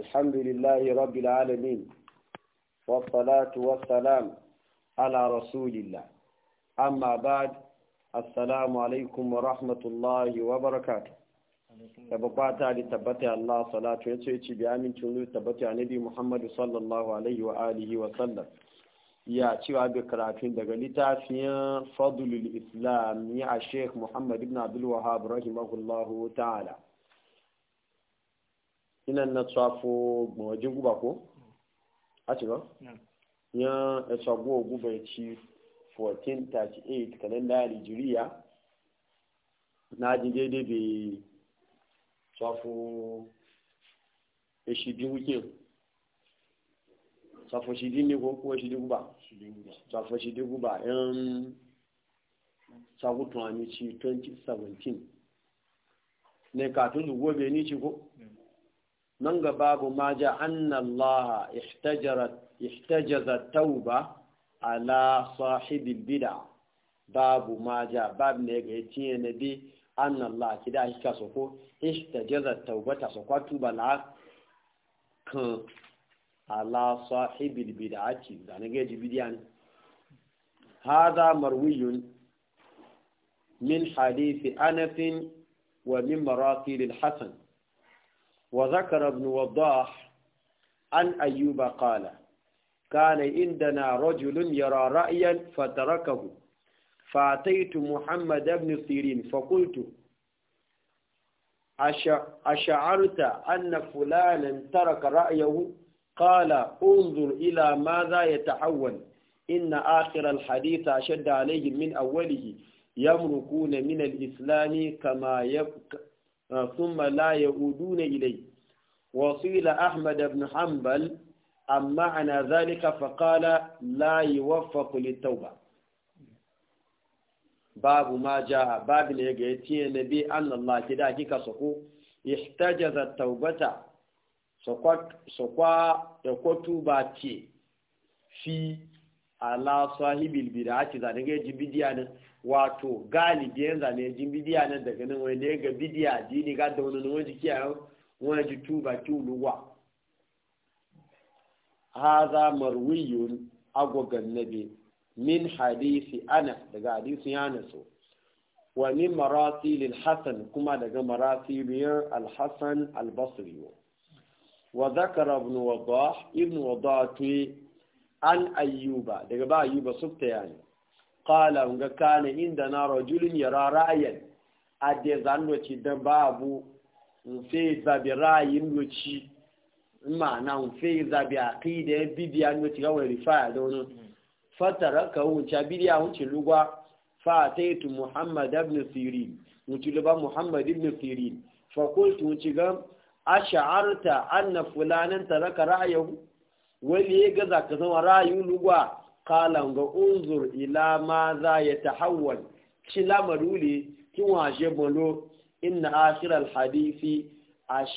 الحمد لله رب العالمين والصلاة والسلام على رسول الله أما بعد السلام عليكم ورحمة الله وبركاته تبقات على الله صلاة ويسويتي بأمين تنوي تبت نبي محمد صلى الله عليه وآله وسلم يا تيو أبي كراتين دقلتا في فضل الإسلام يا شيخ محمد بن عبد الوهاب رحمه الله تعالى ina na tsafo gbawajin guba ko a ci ba ya tsago guba ya ci 1438 kalenda nigeria na ji daidai tso tsafo ya shi bi wikin tsafo shi din ne ko kuwa shidin guba tsafo shi guba yan tsagutun amici 2017 ne ka tun bai ni ci ko Nanga babu maja ja annallaha ihtajazat tauba ala sahibin bida babu ma ja babu ne ga yi na bi annallaha kida shi ka soko ihtajazat taubata su kwatu bala kan ala sahibin bida a ci da na gaji bidiya ne haza marwiyun min hadithi anafin wa min maratilin hassan وذكر ابن وضاح عن أيوب قال كان عندنا رجل يرى رأيا فتركه فأتيت محمد بن سيرين فقلت أشعرت أن فلانا ترك رأيه قال انظر إلى ماذا يتحول إن آخر الحديث أشد عليهم من أوله يمركون من الإسلام كما يبقى ثم لا يؤدون إليه وصيل أحمد بن حنبل عن معنى ذلك فقال لا يوفق للتوبة باب ما جاء باب يجيتي النبي أن الله كده كيكا سقو احتجز التوبة سكوا يكوتو باتي في على صاحب البدعة ذلك يجب بديانا wato galibi yan zane jin bidiya nan daga nan wani ga bidiya dini ga da wani wani jiki a wani ji tuba ki uluwa haza marwiyun na nabi min hadisi ana daga hadisi ya naso wa min marasilil hasan kuma daga marasiliyar alhassan albasriyo wa zakara ibn wadah ibn wadah an ayyuba daga ba ayyuba sufta yani kala nga kana inda na rajulun yara ra'ayan a da zanwaci da babu nfe zabi ra'ayin noci ma'ana nfe zabi aqida bidiya noci ga wani rifa da wani fatara ka wuce bidiya wuce lugwa fataitu muhammad ibn sirin wuce lugwa muhammad ibn sirin fakultu wuce ga ash'arta anna fulanan taraka ra'ayahu wani ya gaza ka zama ra'ayin lugwa kalan ga unzur ila ma za ya ta tahawwal shi lamaruli kin washe bolo inna akhiral hadisi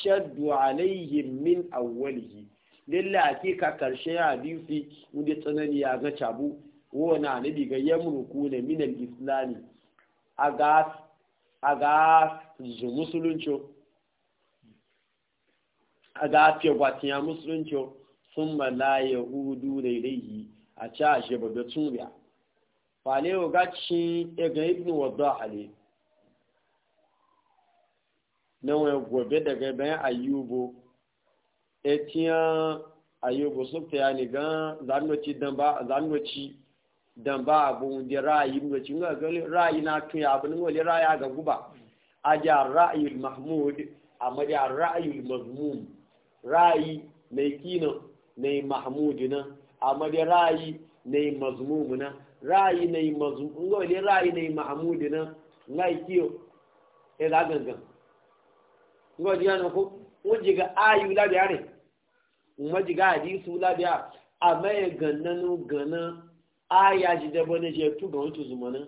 shaddu alayhim min awwalihi lalle hakika karshe hadisi wanda tsanani ya ga cabu wona ne diga yamruku ne min al-islami a ga zu musulunci fiye gwatiya musulunci sun la yahudu da ilaihi a ci a sheba da tsubiya fale gaci e ga ibn wadda hali na wani gobe bayan ayyubo etiyan ayyubo su ta yani gan ba abun da ra'ayi noci ga ra'ayi na tuya abin wale ra'ayi ga guba a ja ra'ayi mahmud a ra'ayi mai kinan mai mahmud nan amma dai ra'ayi na yi mazmumu na ra'ayi na yi mazmumu ga wani ra'ayi na yi ma'amudi na na yi kiyo ya za gangan ga wani yana ko wani ga ayu labiya ne kuma jiga hadisu labiya amma ya gananu gana aya ji da wani je tu ga wani zumanin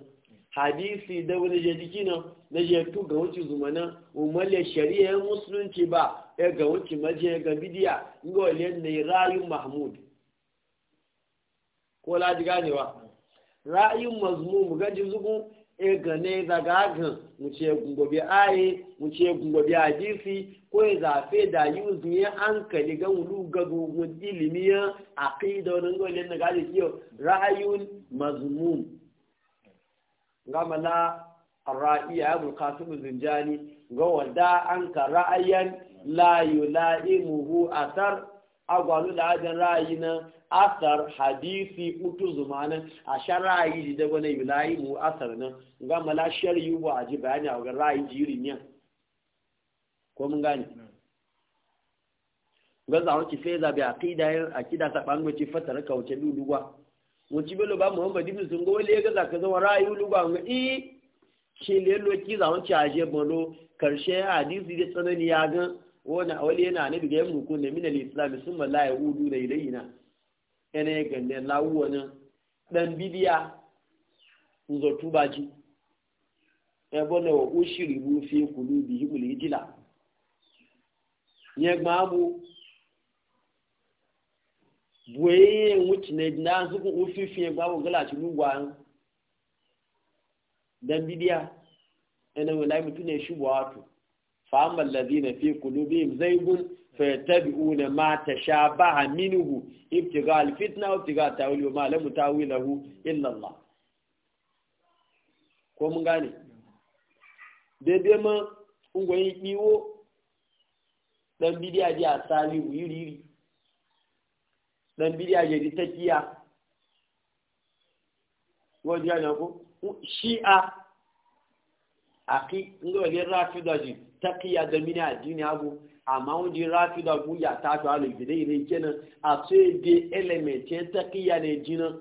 hadisi da wani je jiki na na je tu ga wani zumanin umarle shari'a musulunci ba ya ga wani maje ga bidiya ga wani ne rayu mahmud ko ladi ganewa ra'ayin mazmum gaji zugu e gane daga gan mu ce gungobi aye mu ce gungobi hadisi ko ya zafe da yi uzun ya hankali ga wulu ga gungun ilimi ya aqida wani le na gaji kiyo ra'ayun mazmum gamala ra'iya abul qasim zinjani ga wada an ka ra'ayan la yula'imuhu athar agwalu da ajin ra'ayi na asar hadisi utu zumana a shan ra'ayi ji daga na yulayi mu asar nan ga mala yi wa aji bayani a wajen ra'ayi jiri yan ko mun gani ga a ki fe zabi kida yin kida ta bango ci fatar wuce luluwa mun ci belo ba muhammad ibn sun ga wale ga zaka zama ra'ayi luluwa ga i shi lelo ki zawon ci aje bano karshe hadisi da tsanani ya gan wani awali yana nabi ga yammu kun da minal islam sun ma la yahudu da ilayina yana ya gande lawu wani dan bidiya zo baji, ya e bana wa ushiri bu fi kulubi himul hijila ya gbamu buwaye wuce ne na zukun ufifin ya gbamu galaci lugwa dan bidiya yana wani mutum ne shi buwatu. فأما الذين في قلوبهم زيغ فيتبعون ما تشابه منه ابتغاء الفتنة وابتغاء تأويل وما لم تأويله إلا الله ko mun gane daidai ma ungoyin iwo dan bidiya ji a salihu yiriri dan bidiya ji di takiya wajen yana shi'a aki ngawalin rafi dajin takiya da mini addini hagu amma wani rafi da guya ta fi halin gidai ne kenan a sai bi element ya takiya ne jina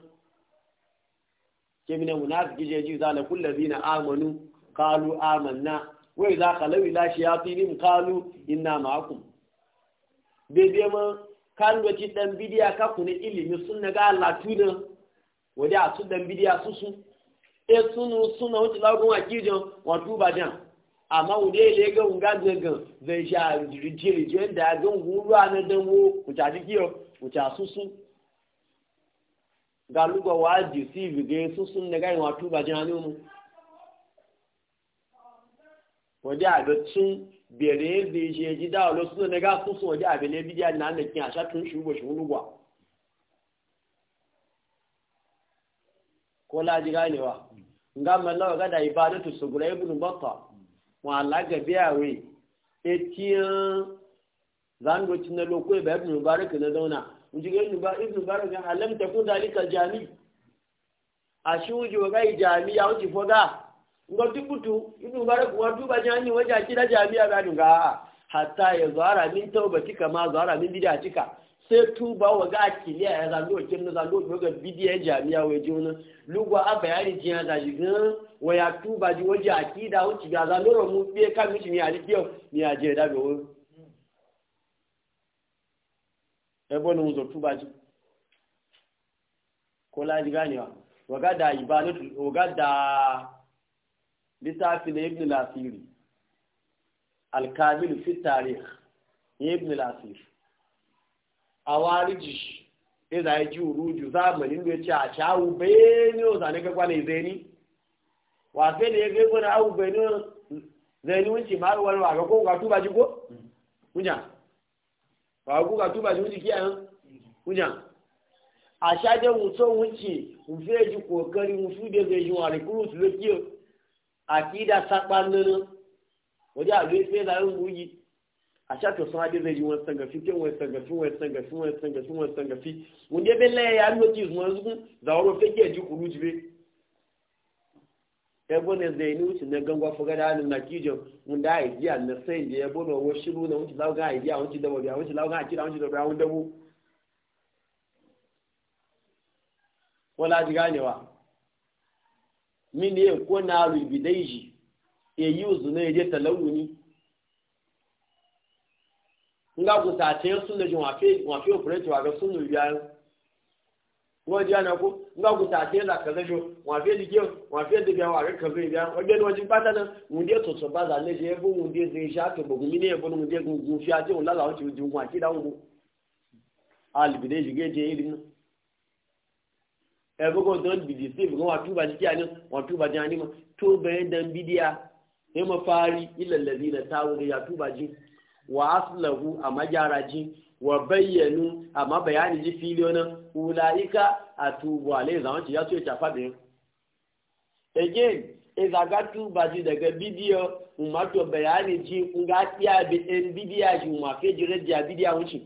ke mina munafiki je ji zala kullazi na amanu kalu amanna wai za ka lawi lashi ya fi nim kalu ina maku? bebe ma kan lokaci dan bidiya ka kuna ilimi sun na ga Allah tuna wadi a su dan bidiya su su e sunu suna wuce lagun akijan wato bajan amma wude ile ga wunga zagan zai sha jirgin da ga wura na danwo wuta jikiyo wuta susu ga lugba wa deceive ga susun na wa wato ba jani mu waje a ga tun bere da shi ya ji dawa lo suna na ga susun waje a bele bidiya na da kin a sha tun shugo shi lugba ko laji ganewa nga mallawa ga da ibadatu sugura ibn battah wọn alágẹ̀bí àwẹ̀ etí hàn zango tí na lóko ìbá ibùn mubarak na zauna njige ibùn mubarak na alam takun dalika jami ashiwuji wa gai jami ya wuce foga ngo tukutu ibùn mubarak wa duba jani waje akida jami ya gadu ga hatta ya zara min taubatika ma zara min bid'a kà. sai tuba wa ga akiliya ya zalo wa kin zalo wa ga bidiya jami'a wa ji wani lugwa a bayani jin ya zaji gan wa ya tuba ji waje akida wuce ga zalo ro mu biye kan mishi mi ali biyo mi ya je da be wo e bo no zo tuba ji ko la ji gani wa wa ga da ibadatu wa ga da litafi na ibn al-asiri al-kamil fi tarikh ibn al awariji e za ji uruju zamanin da ce a cawu bayani o zane ga kwana izeni wa fe da ya gaibu na awu bayani zani wunci ma wani wa ga ko ga tuba ji ko kunya ba ku ga tuba ji wunci kiyan kunya a shaje wuto wunci mu fe ji kokari mu su da zai ji wa recruit lokiyo akida sakbannin wajen a zai fe da yin bugi a sha to sahabi zai yi wani sangafi ke wani sangafi wani sangafi wani sangafi wani sangafi wanda bai laye ya lokaci zuwa zuwa zawaro fake ji kuru be ebo ne zai ni wuce na gangwa fuga da hannun na kijin wanda a idiya na sai da ya bono wa shiru na wuce lauga a idiya wuce dabo biya wuce lauga a kira wuce dabo biya dabo wala ji ganewa mini ko na rubi daiji e yi uzu na ya je talawuni nga ko ta te sunna jin wa fe wa fe operate wa ga sunna biya wo ji ana ko nga ko ta te la ka zajo wa fe di ke wa fe di biya wa ga ka biya wa ga wa jin pata na mun de to so ba za le je bu mun de ze sha to bu mi ne bu mun de gun gun fi ati la la o ti ju wa ti da wo al bi de jige je irin e bu ko don bi di se bu wa tu ba ji ani wa tu ba ji ani ma to be dan bidiya e ma fari illa allazina tawu ya tu ba ji wa aslahu a magyaraji wa bayyanu amma bayani ji filiyonin ula'ika a tubu alai zaman ci ya so ya cafa biyu again izagatu ba ji daga bidiyo umarto bayani ji nga tiya bi en bidiya ji ma fe jire ji bidiya wuce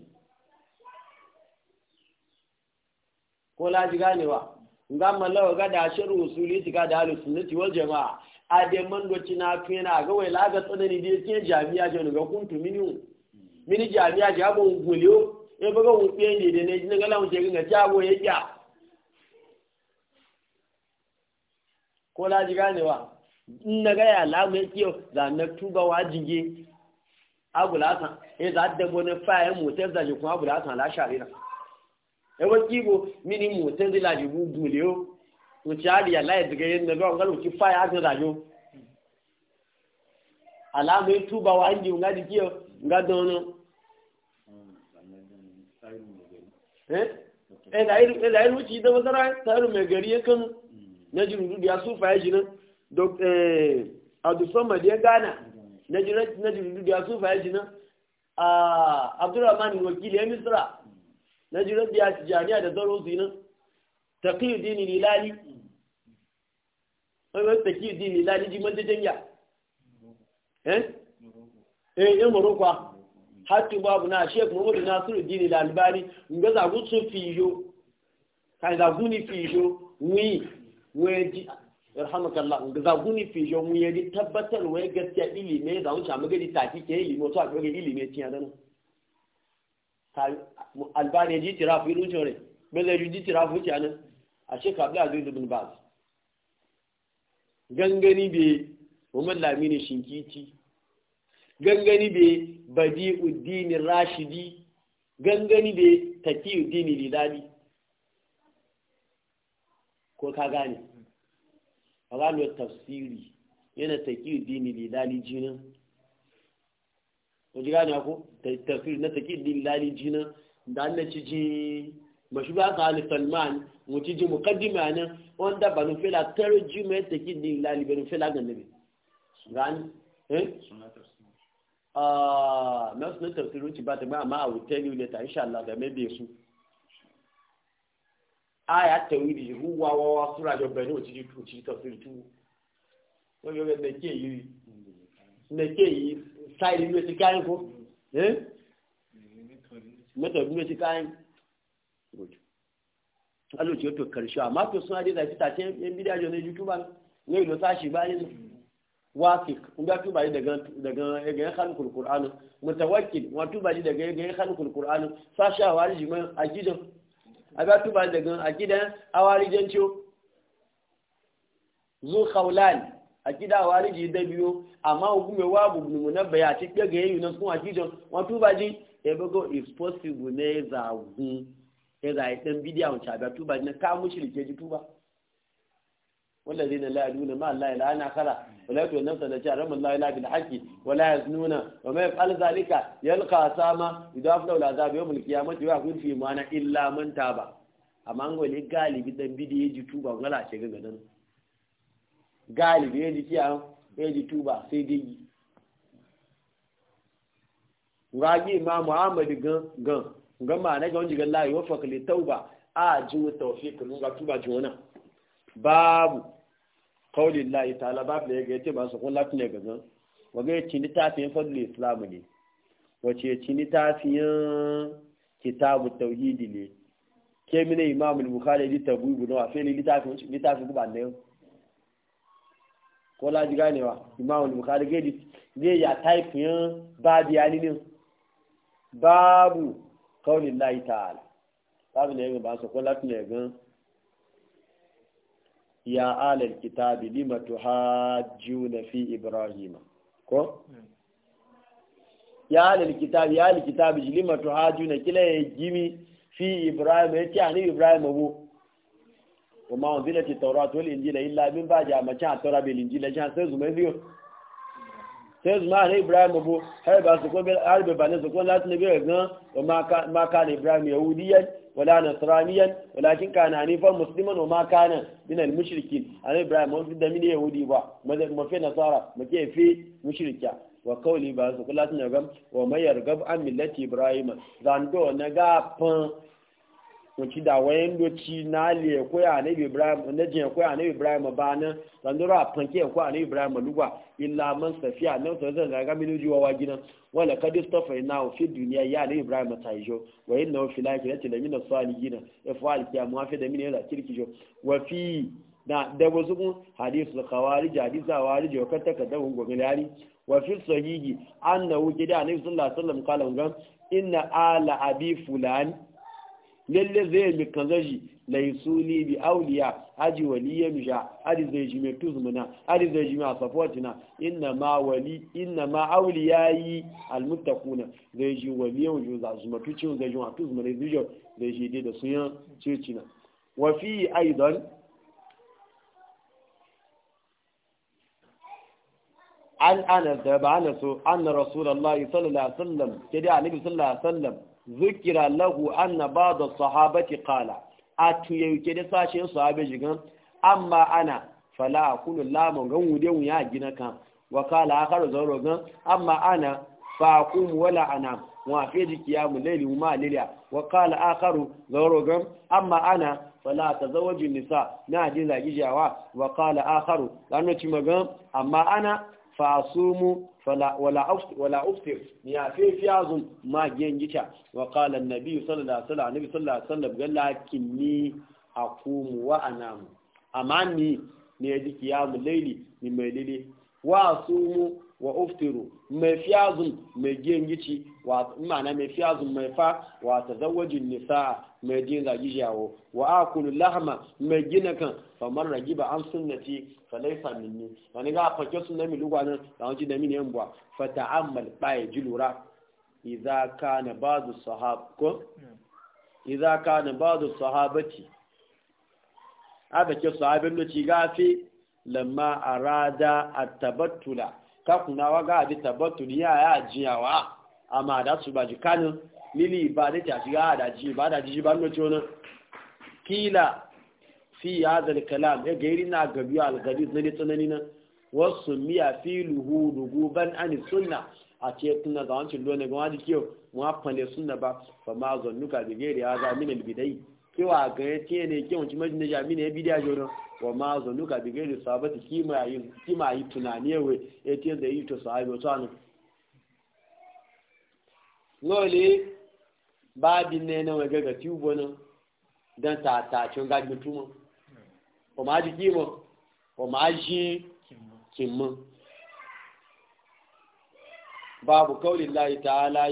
ko la ji ganewa nga malawa ga da shiru usuli ti ga da alusunnati wal jama'a ade mandoci e e na tuena ga wai laga tsanani da yake jami'a je ga kuntu minu mini jami'a je abun gulio ya baga un pe ne da ne jin ga lawo ga jabo ya ya ko la wa in na ga ya ya kiyo na tuba wa za da motar mini motar da jibu wuce hali ya laye daga yin na zuwa galu ki faya haka rajo alamu tuba wa hangi nga di kiyo nga dono eh da eh, iru da eh, iru ci da wasara taru mai gari ya kan na jiru dudu ya sufa ya jina dok a eh, abdul samad ya gana na jiru na jiru dudu ya sufa ya jina a ah, abdurrahman wakili ya misra na jiru ya tijaniya da zaro zina taqiyuddin lilali ọ̀rọ̀ tẹ̀kí ìdí ní ilá níjí mọ́jẹ́jẹ́ yà ẹ́ ẹ́ mọ̀rọ̀kwa hatu babu na sheik muhammadu nasiru dini lalibari nga zagu su fi yo kan zagu ni fi yo wi weji yarhamukallah nga ni fi yo mu yadi tabbatar wai gaskiya a kage ilime a sheik abdul gangani be Muhammad Lamini Shinkiti gangani be uddini Rashidi gangani be uddini Lilali ko ka gane Alalo tafsiri yana uddini Lilali jinan ko ji gane ko tafsiri na uddini Lilali jinan da Allah ci ji mashi ba ka ali salman mutu ji mukaddima nan wanda ba nu fela tare ji mai take ni lali ba nu fela ga nabi gani eh ah na sunan tafsiru ci ba ta ma amma a wuce ne ne ta insha Allah da mai be su aya tawhidi huwa wa wa sura da bani wuce ji tuci tafsiru tu ko yo ne ke yi ne ke yi sai ne ti kai ko eh mata ne ti kai good alo ti o to karshe amma to sun ade da fita ce yan bidiyo ne youtube ne lo sashi ba ne wasik in ga tuba daga daga ga khalqul qur'an mutawakkil wa tuba daga ga khalqul qur'an sasha wariji man akidan aga tuba daga akidan awarijan ciyo zu khawlan akida ji da biyo amma hukume wa bubnu munabbaya ti ga ga yunus kun akidan wa tuba ji e bago is possible ne za gun ya yi ɗan bidiya wancan abin tuba na ka mushrike ji tuba wanda zai na la'adu na ma la ilaha na kala wala tuwa nasa da cewa rabbul la da bil wa wala nuna wa ma yaf'al zalika yalqa sama idaf law azab yawm al mace wa kun fi mana illa man ba amma an gole galibi ɗan bidiya ji tuba ngala ce ga nan galibi ya ji kiyan ya ji tuba sai dai ngagi ma muhammadu gan gan ga ma'ana ga wani galla yi wafa kalli tauba a ji wuta wafi kanu ga tuba ji wani babu kawulin layi ta ala babu da ya gaita masu kun lafi ne gazan waga ya cini tafiyan fadlin islamu ne wace ya cini tafiyan kitabu tauhidi ne ke mini imamul bukhari di tabu ibu na wafe ne littafin guba na yau ko laji ganewa imamul bukhari zai ya taifiyan babu yaninin babu kawulin layi ta'ala babu ne ba su kula ne gan ya alal kitabi lima tuhajjuna fi ibrahima ya alal kitabi ya alal kitabi lima tuhajjuna kila ya gimi fi ibrahima yace ani ibrahima wo kuma unzilat at-taurat wal injila illa min ba'da sai zuma na ibrahim abu har ba su kuma harbe ba ne su kuma latin biyar gan wa maka na ibrahim yahudiyan wala nasraniyan walakin kana hanifan musulman wa maka na min al a na ibrahim wani da mini yahudi ba mafi nasara mafi fi mushrika wa kauli ba su kuma latin gan wa mayar gab an millati ibrahim zando na gafan kunci da wayan doci na le koya ya ne ibrahim na jin koya ya ne ibrahim ba na sandura fanke koya ya ne ibrahim lugwa illa man safiya na to zan ga mini jiwa wa gina wala kad istafayna fi duniya ya ne ibrahim ta jo wa inna fi lakirati la min salihin fa al kiyama fi da mini ya kirki jo wa fi da da wasu kun hadisul khawarij hadisa warij kan kata kada yari gogalari wa fi sahihi annahu da ne sallallahu alaihi wasallam kala gan inna ala abi fulan lalle zai mi kanzaji laisuni bi auliya aji waliya misha aji zai ji mai tuzmuna aji zai ji mai safotina inna ma wali inna ma auliya yi almuttaquna zai ji waliya wujin za su matuci zai ji wa tuzmuna zai ji zai ji da yan cecina wa fi aidan an ana da ba anasu anna rasulullahi sallallahu alaihi wasallam kidi annabi sallallahu alaihi wasallam zukira lahu anna ba'da sahabati qala atu yake da sashen sahabe jigan amma ana fala akulu lamun gan wude mu ya gina ka? wa kala akharu zawro gan amma ana fa aqum wala ana wa fi dikiyamu layli ma lilia wa kala akharu zawro gan amma ana fala tazawwaju nisa na ji zagijawa wa kala akharu lanu ci magan amma ana fa asumu wala uftir ya fi fiyazun ma gengita wa qala annabi sallallahu alaihi wasallam annabi sallallahu alaihi wasallam galla kinni aqumu wa anamu amma ni ne yaji ni mai lili wa asumu wa mai fiyazun mai gengici wa ma'ana mai fiyazun mai fa wa tazawwajin nisaa mai jin zagi jawo wa a akulu lahama mai gina kan famar ragi ba an sunnati fa laysa minni wani ga fake sunna lugwa nan da wani da mini yamba fa ta'ammal baye jilura idza kana ba'du sahab ko idza kana ba'du sahabati abake sahabin da ci gafi lamma arada a tabattula ka kuna waga abi tabattuli ya ya jiyawa amma da su ji kanin lili ibadati a shiga adaji ibadaji shi ban noce wani kila fi hadal kalam ya gairi na gabi al-gadid na tsanani na wasu miya filuhu ruguban ani suna a ce tun ga wancin lona ga wani kiyo ma fane suna ba ba ma nuka da gairi ya za min al-bidai kiwa ga ya ce ne kiyon ci majin ja min ya bidiya jona ba ma nuka da gairi sabata kima kima yi tunani we ya e ce da yi to sahabi wata an lole Ba bi ne na ta ga tubo nan don tatacin gajin tuma o ma ji mo o ma ji mo babu kaulin layi ta'ala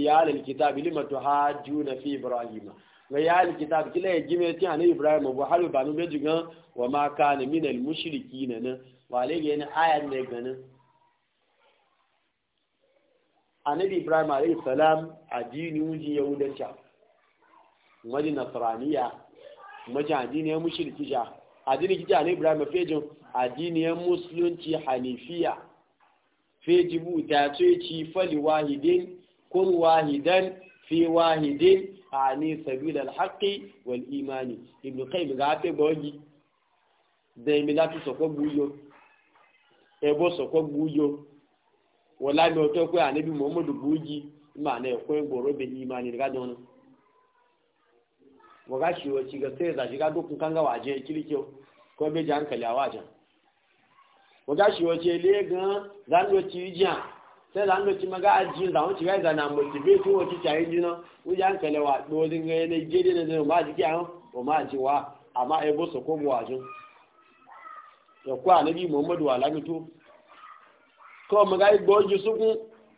ya alil kitab lima tuhajjuna fi ibrahima wa ya al kitab kila ya gime ti an ibrahima bu halu banu be jigan wa ma kana al mushrikin na wa alayhi yana ayat ne ganin annabi ibrahim alayhi salam addini wuji yahudanta wani nasraniya maji addini ya mushriki ja addini kija ne ibrahim fejin addini ya musulunci hanifiya feji ta ce ci fali wahidin kun wahidan fi wahidin ani sabila alhaqi wal imani ibn qayyim ga fe bogi da mi lati sokogbuyo ebo sokogbuyo wala mai wato kuwa annabi muhammadu buji ma na ya koyi goro ma imani daga da wani waga shi wa shiga sai za kan gawa ajiyar kirkiyo ko bai hankali a wajen waga shi wa gan zandoci jiya sai zandoci maga na motivate wacce cayi jina wuce hankali wa na zai ma a wa ma ajiyewa amma a muhammadu kọ́ ọmọ gáyé gbọ́ ojú sókún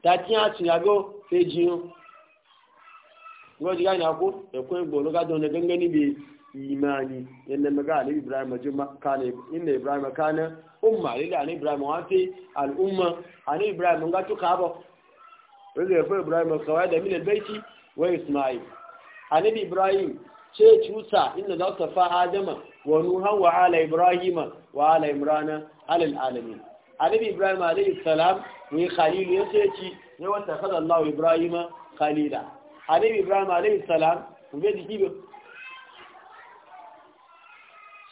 tàtí àtìyàgó fèjì hàn wọ́n ti gáyé nàkó ẹ̀kọ́ ẹgbọ̀n ló gádùn gẹ́gẹ́ níbi ìmáàni ilẹ̀ mẹ́gá àlẹ́ ibrahim jùmọ́ kánà ibrahim ọmọ àlẹ́ àlẹ́ ibrahim wọ́n ti àlùmọ́ àlẹ́ ibrahim ń káàbọ̀ orí ẹ̀fọ́ ibrahim wọ́n ismail àlẹ́ ibrahim ṣe cuta inda za fa adama wa nuhan wa ala ibrahim wa ala imrana annabi ibrahim alayhi salam ne khalil ya ce ci ne wata kada allah ibrahim khalila annabi ibrahim alayhi salam ne jiki ba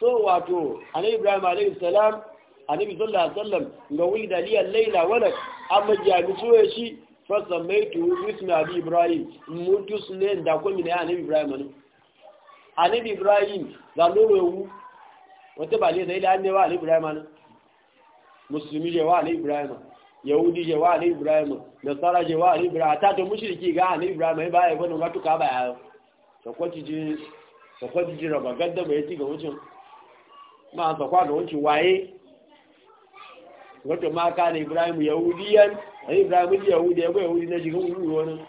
so wato annabi ibrahim alayhi salam annabi sallallahu alaihi wasallam ga wuli daliya laila wala amma jami so shi fa samaitu ismi abi ibrahim mutus ne da ko mina annabi ibrahim ne annabi ibrahim zaloro wu wata bale da ila annabi ibrahim ne musulmi wa ali ibrahim yahudi wa ali ibrahim nasara wa ali ibrahim ata to mushriki ga ali ibrahim ba ya gwanin watu ka ba ya sakwati ji sakwati ji raba gadda bai ci ga wucin ma sakwa da wucin waye wato ma ka ne ibrahim yahudiyan ai ibrahim yahudi ya yahudi na jigan wuri wani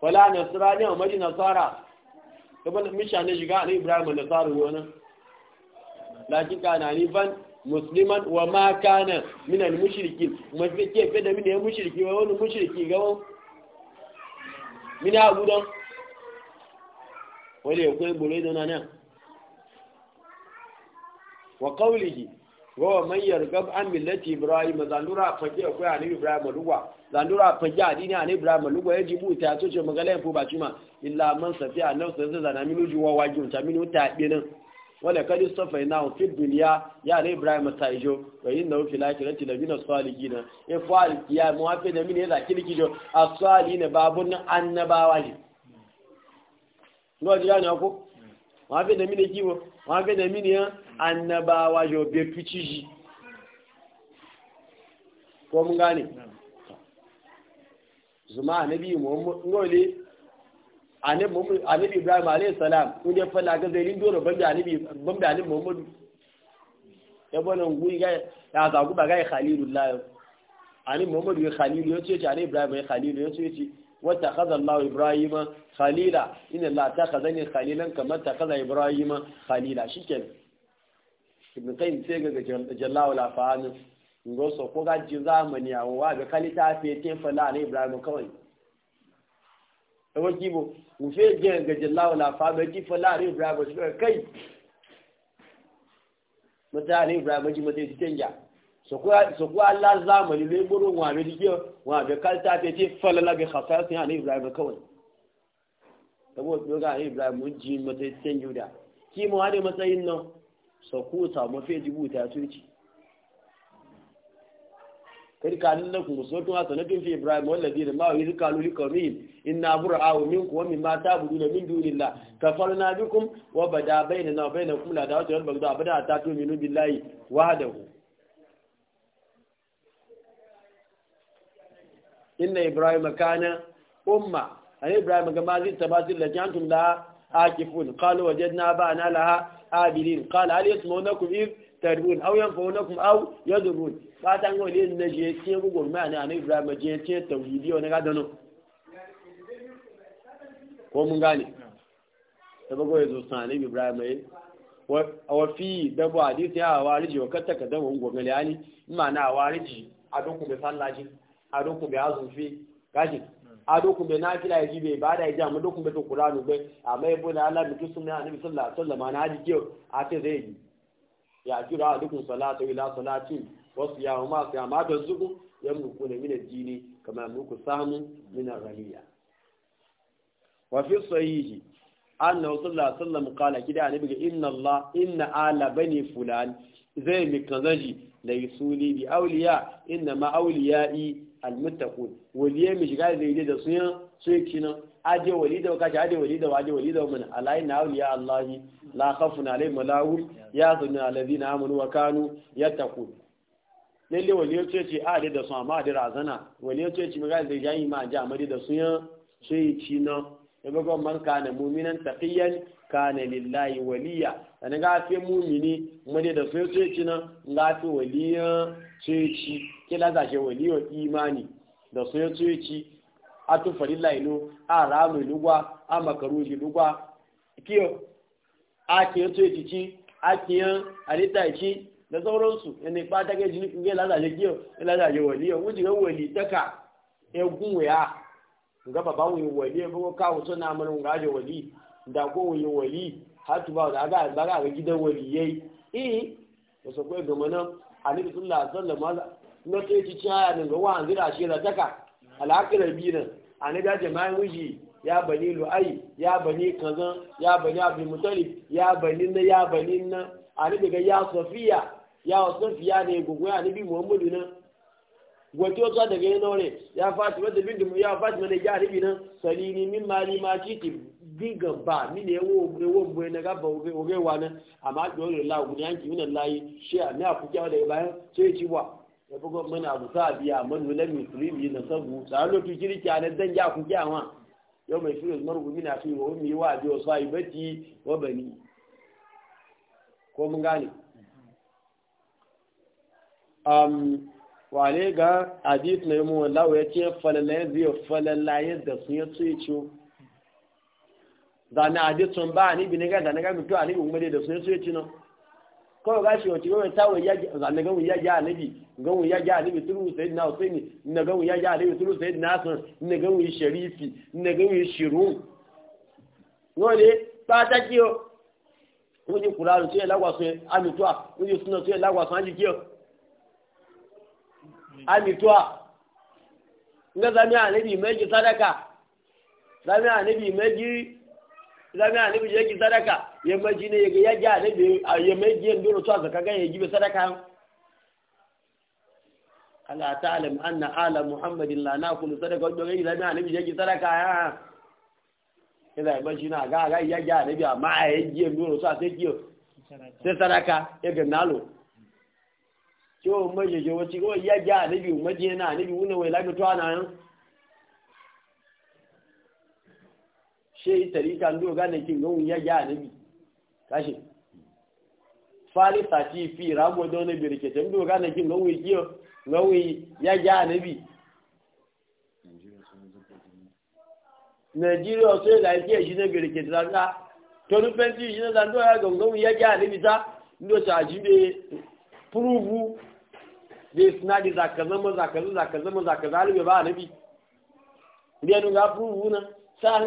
wala nasara ne amma ji nasara ibn misha ne shiga ali ibrahim nasara wani lakin kana ni ban musliman wa ma kana min al mushrikin mafike fe da mini ya mushriki wa wani mushriki gawo mini ha gudan wale ya koyi bore da nan wa qawlihi wa man yargab an millati ibrahim zandura fage akwai ani ibrahim lugwa zandura fage adini ani ibrahim lugwa yaji buta to ce magalen fu ba cima illa man safiya nafsa zana minuju wa wajin ta minu ta nan. Wani kadi safa ina fi dunya ya e ne ibrahim ta ijo wa inna fi lakirati labina salihina e fal ya mu afi da mini da kirki jo as ne babun annabawa ne ngoji yana ko wa afi da mini e kibo wa afi da mini annabawa jo be pichiji ko mun gane zuma annabi muhammad ngole annabi ibrahim alayhi salam kun ya fala ga zai dole ban da annabi ban da annabi muhammadu ya bana guri ga ya zagu ba ga khalilullah annabi muhammadu ya khalilu ya ce ce annabi ibrahim ya khalilu ya ce ce wata kaza Allah Ibrahim khalila inna Allah ta kaza ne khalilan kamar ta kaza Ibrahim khalila shikenan ibn qayyim sai ga jallawa lafanin ngoso ko ga ji zamani a wa ga kalita fete te fala ne Ibrahim kawai ẹwọ́n kí mo mo fẹ́ jẹ́ ẹ̀gẹ̀jẹ̀ láwọn làfà bẹ́ẹ̀ kí fọlá àrí ibrahim ṣe fẹ́ yi mọ́tà àrí ibrahim ṣe mọ́tà ètùtẹ̀ ìjà sọ̀kú aláàzámọ̀ nínú ìgbóró wọn àbẹ̀ díjẹ́ wọn àbẹ̀ káríta àti ẹtí ibrahim kọ́wọ̀n ẹwọ́n kí mo ibrahim jí mọ́tà ètùtẹ̀ ìjà kí mo wá dé mọ́tà yìí ná sọ̀kú tàwọn fẹ́ẹ́ dìbò ìtà irkanin lakum uswatun na fi ibrahim wal ladina da wa irkanu liqawmin inna bura'u minkum wa mimma ta'buduna min dunillah bada ta inna ibrahim kana umma ibrahim ga zai tabatil la jantum la akifun qalu wajadna ba'ana laha abilin qala tarbun aw yan fauna kuma au ya zurun fatan yau ne na je ce gugun ma na anai ibrahim je ce tauhidi ne ga dano ko mun gane ta ko ya zo san anai ibrahim ya wa fi dabu hadisi ya wariji wa katta ka dabu ungo gale ali ma na wariji a doku be sallaji a doku be azufi gaji a doku be nafila yaji be ba da yaji amma doku be to qur'anu be amma ibuna ala bi sunna annabi sallallahu alaihi wasallam na haji kiyo a zai yi ya a dukun salatu ila salatin wasu ya huma su ya da zuku ya muku ne mina jini kamar muku samu mina raliya wa fi sahihi anna sallallahu alaihi wasallam qala kida annabi inna allah inna ala bani fulan zai mi kazaji laysuli bi awliya inna ma awliyai almuttaqun waliye mi shiga zai da sunan sai kinan aje wali da kashi aje wali da waje wali da mun alai na ya allahi la khafun alaihim malawu ya yazunna alladhina amanu wa kanu yattaqun lalle wali yace ce a da su amma da razana wali yace ce maga da yayi ma ja amari da su ya sai ci na daga ga man kana mu'minan taqiyan kana lillahi waliya dan ga sai mu'mini mu da su ce ci na ga sai waliya ce ci kila za shi waliyo imani da su ce ci a tún farilla a ráàmù ìlú wá a makaru ìlú wá kí o a kì í tó ìtìjí a kì da sauransu ẹni pa tákẹ́jì ní ìgbé ládàjẹ́ kí o ládàjẹ́ wọ̀lí o wújì wọ́n wọ̀lí tẹ́ka egun wẹ̀á nga wali ya yìí kawo ẹ fọwọ́ káwọn tó náà mọ́nà nga jẹ wọ̀lí ìdàkọ́ wọn yìí wọ̀lí hàtùbà ọ̀dà al'akarabi nan a na gaje ma wuji ya bani lu'ai ya bani kazan ya bani abdulmutalib ya bani na ya bani na a ni daga ya sofiya ya sofiya ne gugu ya nabi muhammadu nan wato wata daga yana wani ya fashi wata bin ya fashi mana ya ribi nan salini min ma ni ma titi digan ba ni ne yawo yawo mwe na gaba wa nan amma dole la gudu ki min layi shi a ne a fuke da bayan sai ci wa ya bugo muna bu sa biya man wala mi turibi na sabu da lo tu kirki an dan ya ku kyawa yau mai shi mar gumi na fi wa mi wa jo sai bati wa bani ko mun gane um wale ga hadith ne mu wallahi ya ce falalaye zai falalaye da sun ya tsaye ciwo da na hadith sun ba ni bi ne ga da na ga mutu ani bi mu da sun ya tsaye ciwo kawai ba shi wace gawai tawon ya zane gawun ya alibi turu sai na usaini na gawun alibi turu sai na san na gawun sharifi na gawun shiru wale pata kiyo wani kuraru sai lagwaso amituwa wani suna sai lagwaso an ji kiyo amituwa nga zami sadaka zami a nabi yanki sadaka ya maji ne ya ga ya nabi ya maji yin dole tuwa zaka ga ya gibe sadaka ala ta'lam anna ala muhammadin la naqulu sadaka don yi zami a nabi yake sadaka ya maji na ga ga ya ya ji yin dole tuwa sai kiyo sai sadaka ya ga nalo je ko ya na wuna wai yan ṣe tẹ̀ríkà ní ọgánẹ̀kì lóhun bi kashi káṣe fálítà tí fi ìrámọ́dọ́ ní bèrèkẹ̀tẹ̀ ní ọgánẹ̀kì lóhun ìkí ọ lóhun yẹ́gẹ́ àníbì nàìjíríà ọ̀sọ́ ìlà ìkí ẹ̀ṣí ní bèrèkẹ̀tẹ̀ dáńgá tọ́lú pẹ́ntì ìṣiná dáńgá ẹ̀gọ̀ lóhun yẹ́gẹ́ àníbì tá ní ọ̀sọ̀ àjíbe púrúfú bí sinadi zakazama bi ga sáà ń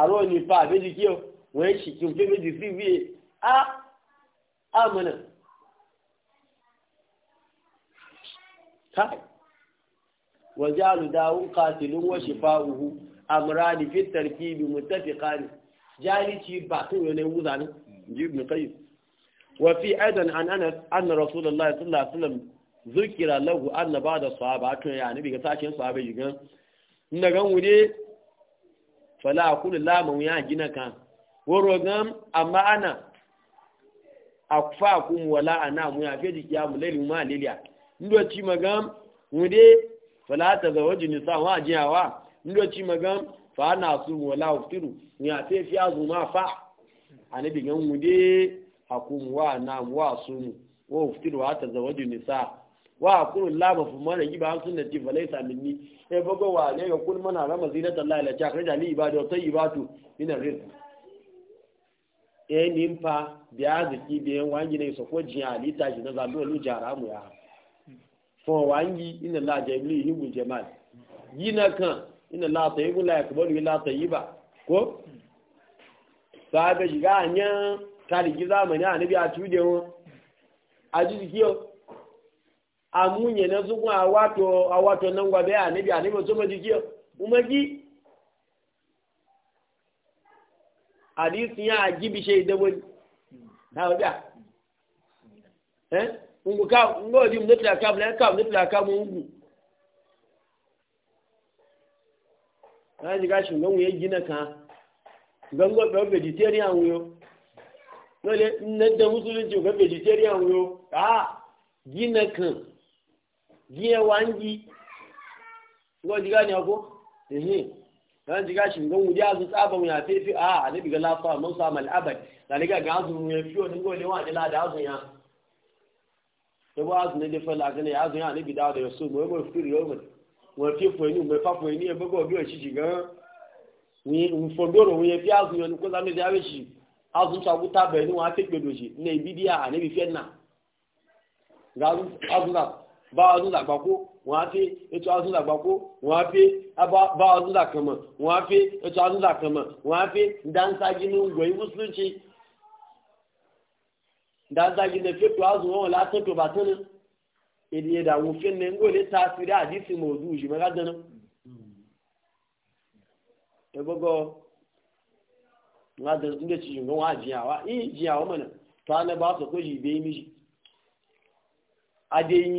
àrò nípa àbẹ́jì kí ọ wọ́n ṣì kí ojú méjì sí bí a àmọ́nà káì wọ́n jẹ́ àlùdáwó kàtìlú wọ́n ṣe fa òhu àmúra fi tàrkì ibi mùtẹ́fì kánì jáàlì tí bàtún yóò ní wúzà ní jíb nìkayi wọ́n fi an an rasulallah sallallahu alaihi wasallam zukira lahu an ba da sahaba to ya ni bi ga sashen sahaba yi gan na wuri fala akulu lamun ya gina kan woro gam amma ana akfakum wala ana mu ya fi dikiya mu lailu ma liliya ndo ci magam mude fala ta zawaju nisa wa jiyawa ndo ci magam fa na su wala uftiru ya fi fi azuma fa anabi gan mude akum wa na wa sumu wa uftiru wa ta zawaju nisa wa akuru laba ba fu mana ba an sunnati fa laysa minni e bago wa ne ga kun mana rama zinata Allah la ta kharaja li ibadu tayyibatu min ina rizq e nimpa biya ziki biyan wangi ne so ko jiya alita ji na zalu lu jara mu ya fo wangi inna la jabli hibu jamal yina kan inna la yi la ta yi ba ko sabe jiga anya kali gizamani anabi a tude a aji zikiyo amunye na zugun awato awato nan gwa bai anabi anabi so ma dikiyo umaji hadisi ya ajibi shay da wani na waja eh ungu ka ungo di mu tla ka bla ka mu tla ka mu ungu na ji ga shi ngon ye gina ka gango be vegetarian wuyo nole na da musulunci ga vegetarian wuyo ah gina kan giye wangi ngo diga ne ko ehe dan diga shi ngo wuya su tsaba mu ya fefe a annabi ga lafa mun sa mal abad da diga ga su ya fiyo ne gole, ne wa dila da su ya to ba su ne da fala ga ne ya su ya annabi da da su mu mu firi yo mu mu e fi fo e ni mu e fa fo ni e bugo bi o shi gan ni mu fo doro mu ya fi azu yo ni ko zame da shi azu ta guta be ni wa fe gbedo shi ne bidiya annabi fi na ga azu azu bá ọdún làgbákó wọ́n á fi ètò ọdún làgbákó wọ́n á fi bá ọdún làkànmọ̀ wọ́n á fi ètò ọdún làkànmọ̀ wọ́n á fi dánsájí ní ngọ̀ ibú sùnjì ní fífi ọdún wọn látọ̀ tó bá ènìyàn ta sírí mọ̀ ọdún òjì mẹ́ta dáná. ẹ gbọ́dọ̀ wọ́n á dẹ̀rẹ̀ tó ń dẹ̀ á jìyà wá ìyìn jìyà wọ́n mọ̀ náà tó á lẹ́ bá sọ pé yìí bẹ́ẹ̀ méjì adéyìn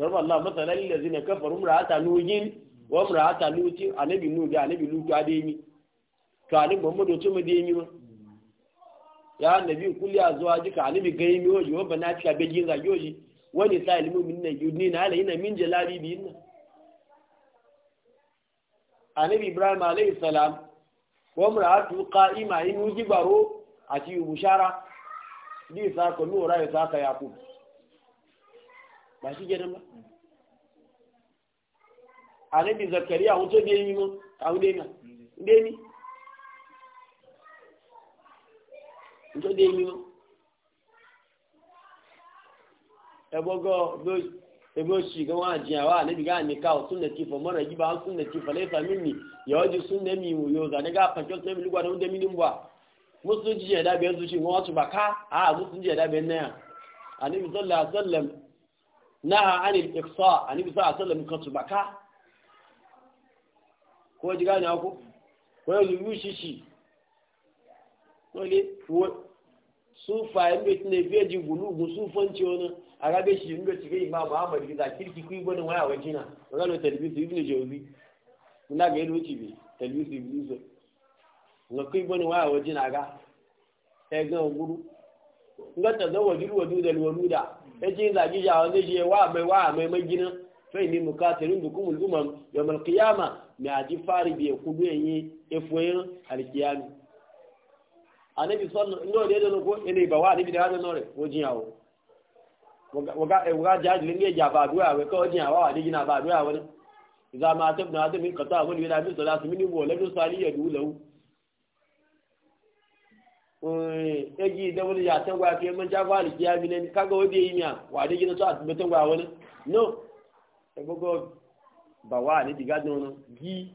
ضرب الله مثلا للذين كفروا امرأة نوح وامرأة لوط النبي نوح النبي لوط اديمي to ani muhammadu to mu demi ma ya annabi kulli azwa jika alimi gaimi waji wa bana ta be ginga yoji wani sa ilmu min na yudni na ala ina min jalabi bi inna annabi ibrahim alayhi salam wa mar'atu qa'ima in uji baro ati bushara di sa ko nura ya sa ka yakub ba shi kenan ba annabi zakariya wato da yi mu kawo dai na dai ni wato da yi do ebo shi ga wa ji awa annabi ga ni mara ji ba sunnati fa laifa minni ya waji sunna mi mu yo zane ga fa kyautar mi lugwa da wanda minin ba musu ji da be su shi mu wato ba ka a musu ji da be sallallahu alaihi wasallam naha anil a annabi sallallahu a wasallam kan su baka ko ji gane ku ko yanzu yushi shi dole sufa yin bai ne biya ji gulugu sufanci wani a rabe shi yin bai cikin imam muhammad gida kirki kuyi gwanin waya wa jina gano talbisu ibn jauzi muna ga yin wuce bi talbisu ibn jauzi nga kuyi gwanin waya wa jina ga guru nga wa dudal wa nuda ejin da gija wa zai je wa mai wa mai magina fai ni mukatirin dukum al-umam yawm al-qiyama me aji fari bi ku bi yi efoyin al-qiyami anabi sallallahu alaihi wasallam no ko ene ba wa ni bi da no re o jin awo waga e waga jaji le ngeja ba duwa we ko jin awa ni Eh, egi da wani ya tangwa fi man ja fa alki ya bine kaga wode yi miya wa de gina to a tumbe tangwa wani no e gogo ba wa ni diga don gi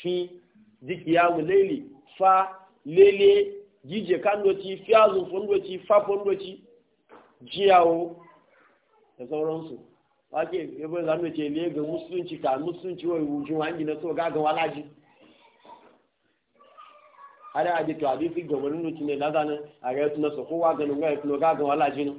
fi dikiya mu leli fa lele jije kando ci fiazu fondo ci fa fondo ci jiyawo da sauransu wake yabo zamu ce le ga musulunci ka musulunci wai wujin wangi na so ga ga walaji ada aje to abi fi gobanin no cine la zanin a ga tuna so kowa ganin ga tuno ga ga wala jinu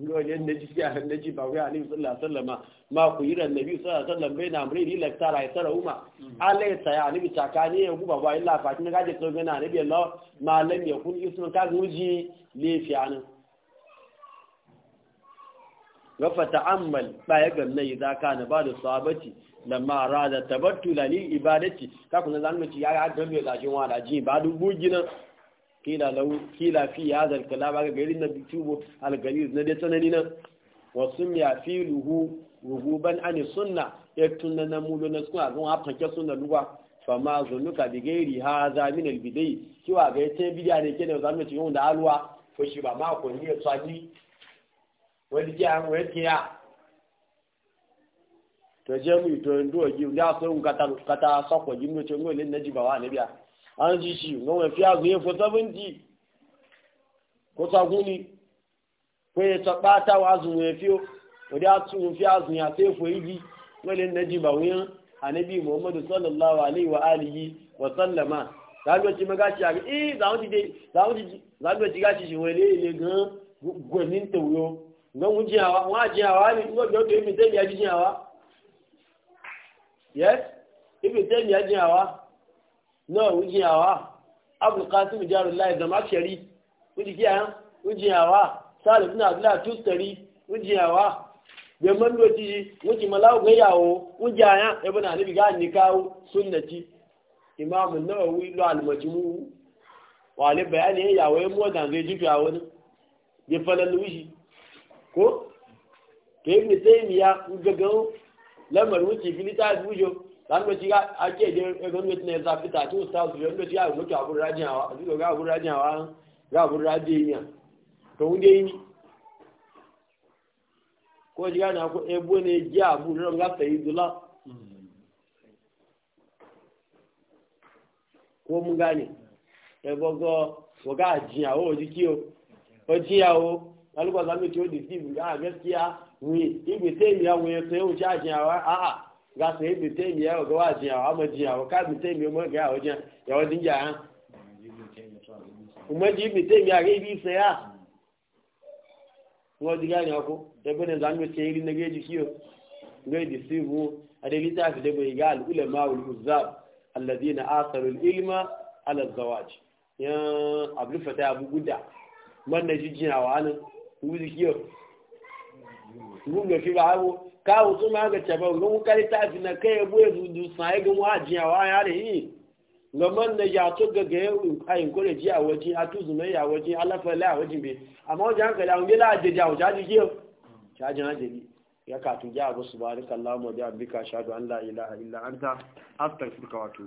ngo ne ne ji ya ne ji ba ga ali sallallahu alaihi wasallam ma ku yira nabi sallallahu alaihi wasallam bai na amri ni mm. la tara ya tara umma alai ta ya ni takani ya ku baba illa fa kin ga je to ga na ne bi Allah ma lam yakun ismu ka guji lefiyanin gafa ta'ammal baya ga nan idza kana ba da sahabati lamma rada tabattula li ibadati ka kun zan mutu ya da bai da jin wala ji ba du buginan kila lau kila fi hada al ga gari na bitubo al galiz na da tsanani na wa sumya fi luhu rububan an sunna ya tunna na mulo na sunna zan fanke sunna luwa ma zunuka bi gairi hada min al bidai kiwa ga yace bidai ne kenan zan mutu yau da alwa ko shi ba ma ko ne tsaki wani ke an wani ke to je mu to ndo ji nda so un kata kata so ko ji mu ce ngo le na ji ba wa ne biya an ji shi ngo we fi azu ye fo 70 ko sa guni ko ye ta bata wa azu we fi o da tu mu fi azu ya sai fo yi ngo le na ji ba wa anabi muhammadu sallallahu alaihi wa alihi wa sallama zalwaci magashi a ga eh zawo ti dai zawo ti zawo ti gashi shi wele le gan gwanin tawyo ngan wun jiyawa wa jiyawa ni ngo do to ibn taymiya jiyawa yes ibn taymiya jiyawa no wun jiyawa abul qasim jarullah zamashari wun jiyawa wun jiyawa salih ibn abdullah tustari wun jiyawa da man doji wuce malawu ga yawo wujaya ibn alibi ga ni kawo sunnati imam an-nawawi lo al-majmu wa le bayani yawo e mo dan zai jifi a wani bi falal wishi ko to ibn taymiya gagan lamar wuce fili ta bujo dan ba a ake da za yo ndo shiga mutu abun rajawa ga abun rajawa ga abun rajiya to unde yi ko na ko ebo eh, ne ji ya alba za mu ciwo deceive ga ah, gaskiya we ibe taimiya o ya jin awa a jiyawa a'a ga sayi ibe taimiya ga wa jiyawa ma awa ka bi o mo ga jin ya o din ja ha kuma ji ibe di ga ni ibi saya wọ́n ti gáà ní ọkọ́ ẹgbẹ́ ní ìzánú ṣe rí ní géèjì kí o ní ìdí sí ìwú adébítà àti dẹ́gbẹ́ ìgá alùlẹ̀ máa olùzab alàdí na asàrò ilma alàzawaj yan abdulfatah abubuda mọ́nà jíjìn àwọn àánú wuzi kiyo gunga fi ba hawo kawo sun ma ga caba ga mu kare ta fi na kai bu ya dudu sai ga wa jiya wa ya re yi ga man na ya to ga ga yau ayin kore jiya waje a tuzu mai ya waje Allah fa la waje be amma waje an kala an la je jawo jaji kiyo jaji na ya ka tu ja ba bi ka sha an la ta wa